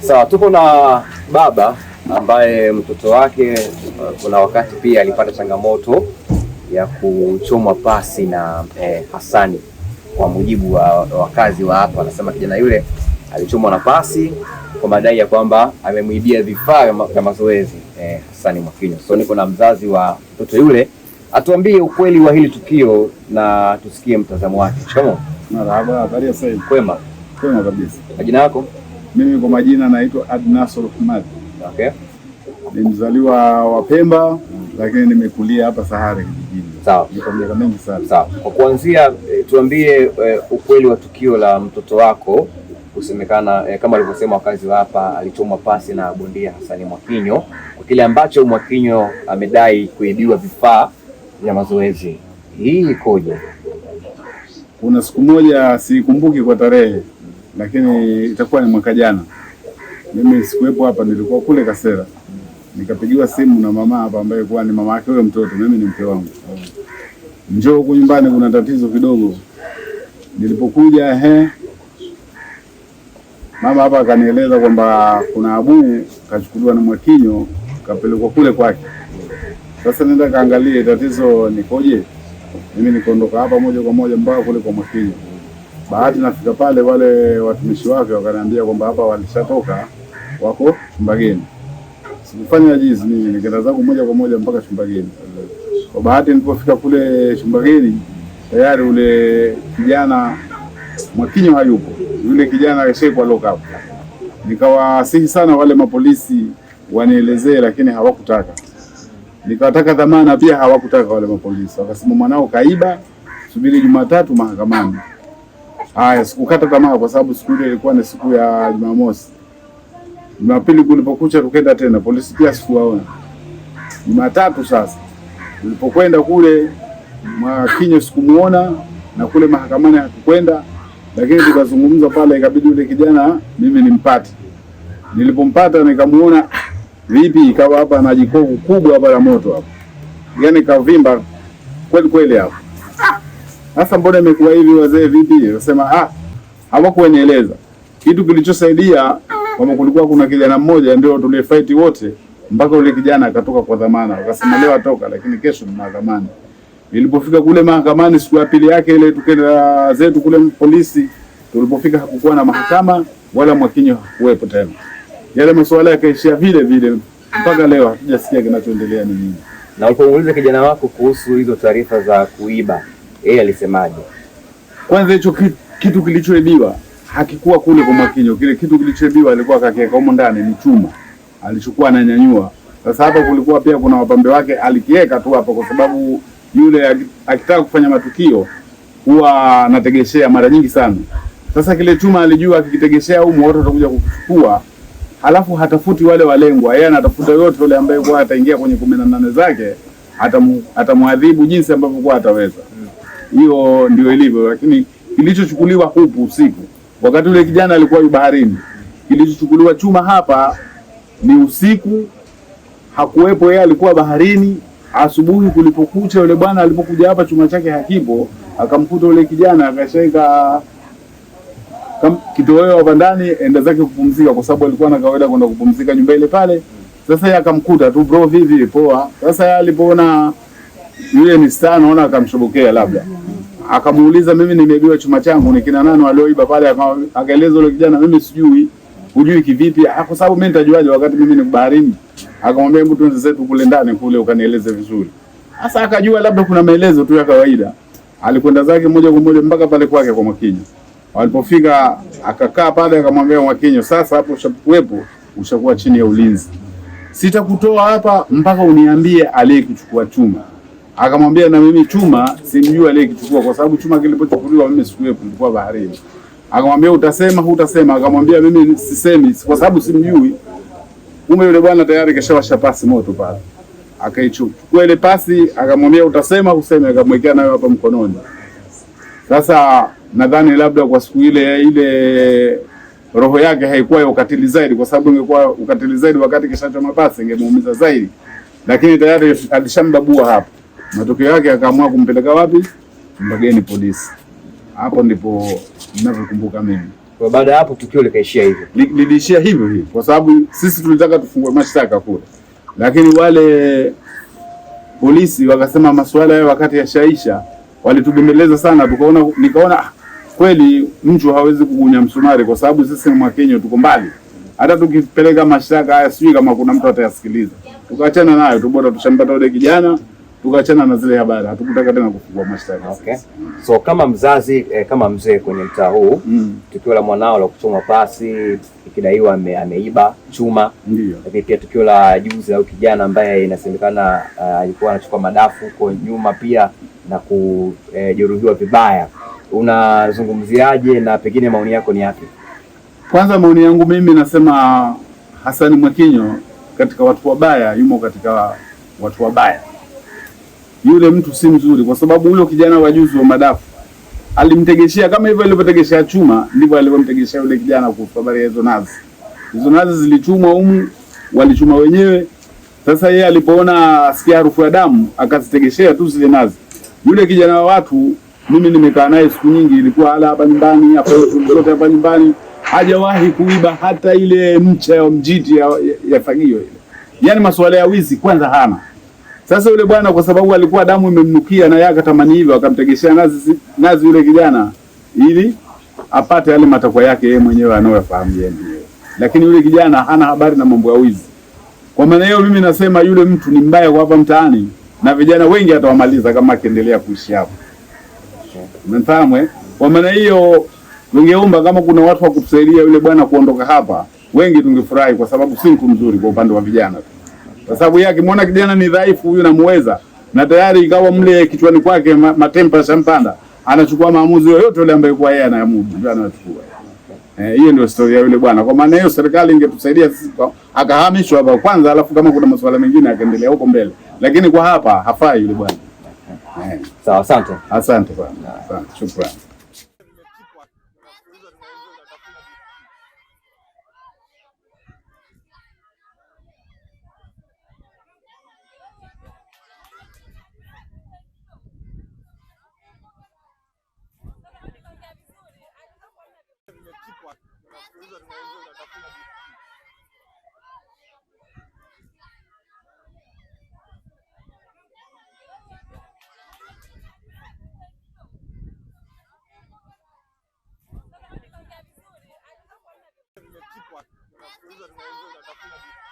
Sawa, tuko na baba ambaye mtoto wake uh, kuna wakati pia alipata changamoto ya kuchomwa pasi na eh, Hasani. Kwa mujibu wa wakazi wa hapa, anasema kijana yule alichomwa na pasi kwa madai ya kwamba amemwibia vifaa vya mazoezi eh, Hasani Mwakinyo. So niko na mzazi wa mtoto yule, atuambie ukweli wa hili tukio na tusikie mtazamo wake. Marhaba, habari ya sasa? Kwema. Kwema kabisa. Majina yako? Mimi kwa majina naitwa Adnasor Ahmad. Okay. Ni mzaliwa wa Pemba mm. lakini nimekulia hapa Sahare kijijini. Sawa. Niko miaka mingi sana. Sawa. Kwa kuanzia eh, tuambie eh, ukweli wa tukio la mtoto wako kusemekana eh, kama alivyosema wakazi wa hapa alichomwa pasi na bondia Hasani Mwakinyo kwa kile ambacho Mwakinyo amedai kuibiwa vifaa vya mazoezi. Hii ikoje? Kuna siku moja sikumbuki kwa tarehe lakini itakuwa ni mwaka jana, mimi sikuwepo hapa, nilikuwa kule Kasera, nikapigiwa simu na mama hapa ambaye kwa ni mama yake huyo mtoto, mimi ni mke wangu, njoo huku nyumbani, kuna tatizo kidogo. Nilipokuja ehe, mama hapa akanieleza kwamba kuna Abuu kachukuliwa na Mwakinyo kapelekwa kule kwake. Sasa nenda kaangalie tatizo nikoje. Mimi nikaondoka hapa moja kwa moja mpaka kule kwa Mwakinyo. Bahati nafika pale, wale watumishi wake wakaniambia kwamba hapa walishatoka wako Chumbageni. Sikufanya ajizi mimi, nikaenda zangu moja kwa moja mpaka Chumbageni. Kwa bahati nilipofika kule Chumbageni tayari ule kijana Mwakinyo hayupo, yule kijana kwa lock up. Nikawasihi sana wale mapolisi wanielezee, lakini hawakutaka. Nikawataka dhamana pia hawakutaka wale mapolisi, wakasema mwanao kaiba, subiri Jumatatu mahakamani. Haya, sikukata tamaa kwa sababu siku ile ilikuwa ni siku ya Jumamosi. Jumapili kulipokucha tukenda tena polisi pia sikuwaona. Jumatatu sasa nilipokwenda kule Mwakinyo sikumuona na kule mahakamani hakukwenda, lakini tukazungumza pale, ikabidi yule kijana mimi nimpate. Nilipompata nikamuona, vipi, ikawa hapa na jikovu kubwa hapa la moto hapa, yaani kavimba kweli kweli hapo sasa mbona imekuwa hivi wazee vipi? Nasema ah, hawakunieleza. Kitu kilichosaidia kama kulikuwa kuna kijana mmoja ndio tulifight wote mpaka ule kijana akatoka kwa dhamana. Akasema leo atoka lakini kesho mna dhamana. Nilipofika kule mahakamani siku ya pili yake ile tukenda zetu kule polisi, tulipofika hakukuwa na mahakama wala Mwakinyo hakuwepo tena. Yale masuala yakaishia vile vile mpaka leo hatujasikia kinachoendelea ni nini. Na ulipouliza kijana wako kuhusu hizo taarifa za kuiba yeye alisemaje? Kwanza hicho kitu, kilichoibiwa hakikuwa kule kwa Mwakinyo. Kile kitu kilichoibiwa alikuwa akakiweka humo ndani, ni chuma alichukua ananyanyua. Sasa hapa kulikuwa pia kuna wapambe wake, alikiweka tu hapo, kwa sababu yule akitaka kufanya matukio huwa anategeshea mara nyingi sana. Sasa kile chuma alijua akikitegeshea humo watu watakuja kuchukua, halafu hatafuti wale walengwa, yeye anatafuta yote yule ambaye kwa ataingia kwenye kumi na nane zake, atamwadhibu jinsi ambavyo kwa ataweza hiyo ndio ilivyo, lakini kilichochukuliwa huku usiku, wakati ule kijana alikuwa yu baharini, kilichochukuliwa chuma hapa ni usiku, hakuwepo yeye, alikuwa baharini. Asubuhi kulipokucha, yule bwana alipokuja hapa, chuma chake hakipo, akamkuta yule kijana akashaika kitoweo hapa ndani, enda zake kupumzika, kwa sababu alikuwa na kawaida kwenda kupumzika nyumba ile pale. Sasa yeye akamkuta tu, bro, vivi, poa. Sasa yeye alipoona yule ni star, naona akamshobokea labda akamuuliza mimi nimeibiwa chuma changu ni kina nani walioiba pale? Akaeleza yule kijana, mimi sijui. Hujui kivipi? Ah, kwa sababu mimi nitajuaje wakati mimi ni baharini? Akamwambia, hebu tuanze zetu kule ndani kule ukanieleze vizuri. Sasa akajua labda kuna maelezo tu ya kawaida. Alikwenda zake moja kwa moja mpaka pale kwake kwa Mwakinyo. Walipofika akakaa pale, akamwambia Mwakinyo, sasa hapo ushakuwepo, ushakuwa chini ya ulinzi, sitakutoa hapa mpaka uniambie aliyekuchukua chuma akamwambia na mimi Chuma simjua aliyechukua, kwa sababu Chuma kilipochukuliwa mimi sikuwepo, nilikuwa baharini. Akamwambia utasema, hutasema? Akamwambia mimi sisemi kwa sababu simjui. Kumbe yule bwana tayari kashawasha pasi moto pale, akaichukua ile pasi, akamwambia utasema, huseme? Akamwekea nayo hapa mkononi. Sasa nadhani labda kwa siku ile ile roho yake haikuwa ya ukatili zaidi, kwa sababu ingekuwa ukatili zaidi wakati kishacho mapasi ingemuumiza zaidi, lakini tayari alishambabua hapo. Matokeo yake akaamua kumpeleka wapi? Mbageni polisi. Hapo ndipo ninavyokumbuka mimi. Kwa baada ya hapo tukio likaishia hivyo. Liliishia hivyo hivyo kwa sababu sisi tulitaka tufungue mashtaka kule, lakini wale polisi wakasema masuala yao wakati yashaisha, walitubembeleza sana, tukaona nikaona ah, kweli mtu hawezi kugunya msumari kwa sababu sisi ni Mwakenya, tuko mbali. Hata tukipeleka mashtaka haya, sijui kama kuna mtu atayasikiliza. Tukaachana nayo tu, bora tushambata ule kijana tukaachana na zile habari, hatukutaka tena kufungua mashtaka. Okay. So kama mzazi eh, kama mzee kwenye mtaa huu mm. tukio la mwanao la kuchomwa pasi ikidaiwa ame, ameiba chuma, lakini pia tukio la juzi la kijana ambaye inasemekana eh, alikuwa uh, anachukua madafu huko nyuma pia na kujeruhiwa eh, vibaya, unazungumziaje na pengine maoni yako ni yapi? Kwanza maoni yangu mimi nasema Hassan Mwakinyo katika watu wabaya, yumo katika watu wabaya yule mtu si mzuri, kwa sababu huyo kijana wa juzi wa madafu alimtegeshea kama hivyo alivyotegeshea chuma, ndivyo alivyomtegeshea yule kijana kwa habari ya hizo nazi. Hizo nazi zilichumwa humu, walichuma wenyewe. Sasa yeye alipoona asikia harufu ya damu, akazitegeshea tu zile nazi. Yule kijana wa watu, mimi nimekaa naye siku nyingi, ilikuwa hala hapa nyumbani, hapa yote hapa nyumbani, hajawahi kuiba hata ile mcha ya mjiti ya, ya, ya fagio ile. Yaani masuala ya wizi kwanza hana sasa yule bwana kwa sababu alikuwa damu imemnukia na yeye akatamani hivyo, akamtegeshea nazi nazi yule kijana ili apate yale matakwa yake yeye mwenyewe anayofahamu yeye mwenyewe, lakini yule kijana hana habari na mambo ya wizi. Kwa maana hiyo mimi nasema yule mtu ni mbaya kwa hapa mtaani, na vijana wengi atawamaliza kama akiendelea kuishi hapo. Umefahamu eh? Kwa maana hiyo ningeomba kama kuna watu wa kutusaidia yule bwana kuondoka hapa, wengi tungefurahi, kwa sababu si mtu mzuri kwa upande wa vijana. tu kwa sababu yeye akimwona kijana ni dhaifu huyu namuweza, na tayari ikawa mle kichwani kwake matempa shampanda, anachukua maamuzi yoyote yale ambayo kwa yeye anayamudu ndio anachukua. Eh, hiyo ndio historia yule bwana. Kwa maana hiyo serikali ingetusaidia sisi akahamishwa hapa kwanza, alafu kama kuna masuala mengine akaendelea huko mbele, lakini kwa hapa hafai yule bwana. Eh. Sawa, asante, asante bwana, asante, shukrani. Tafuna vizuri, atafuna vizuri.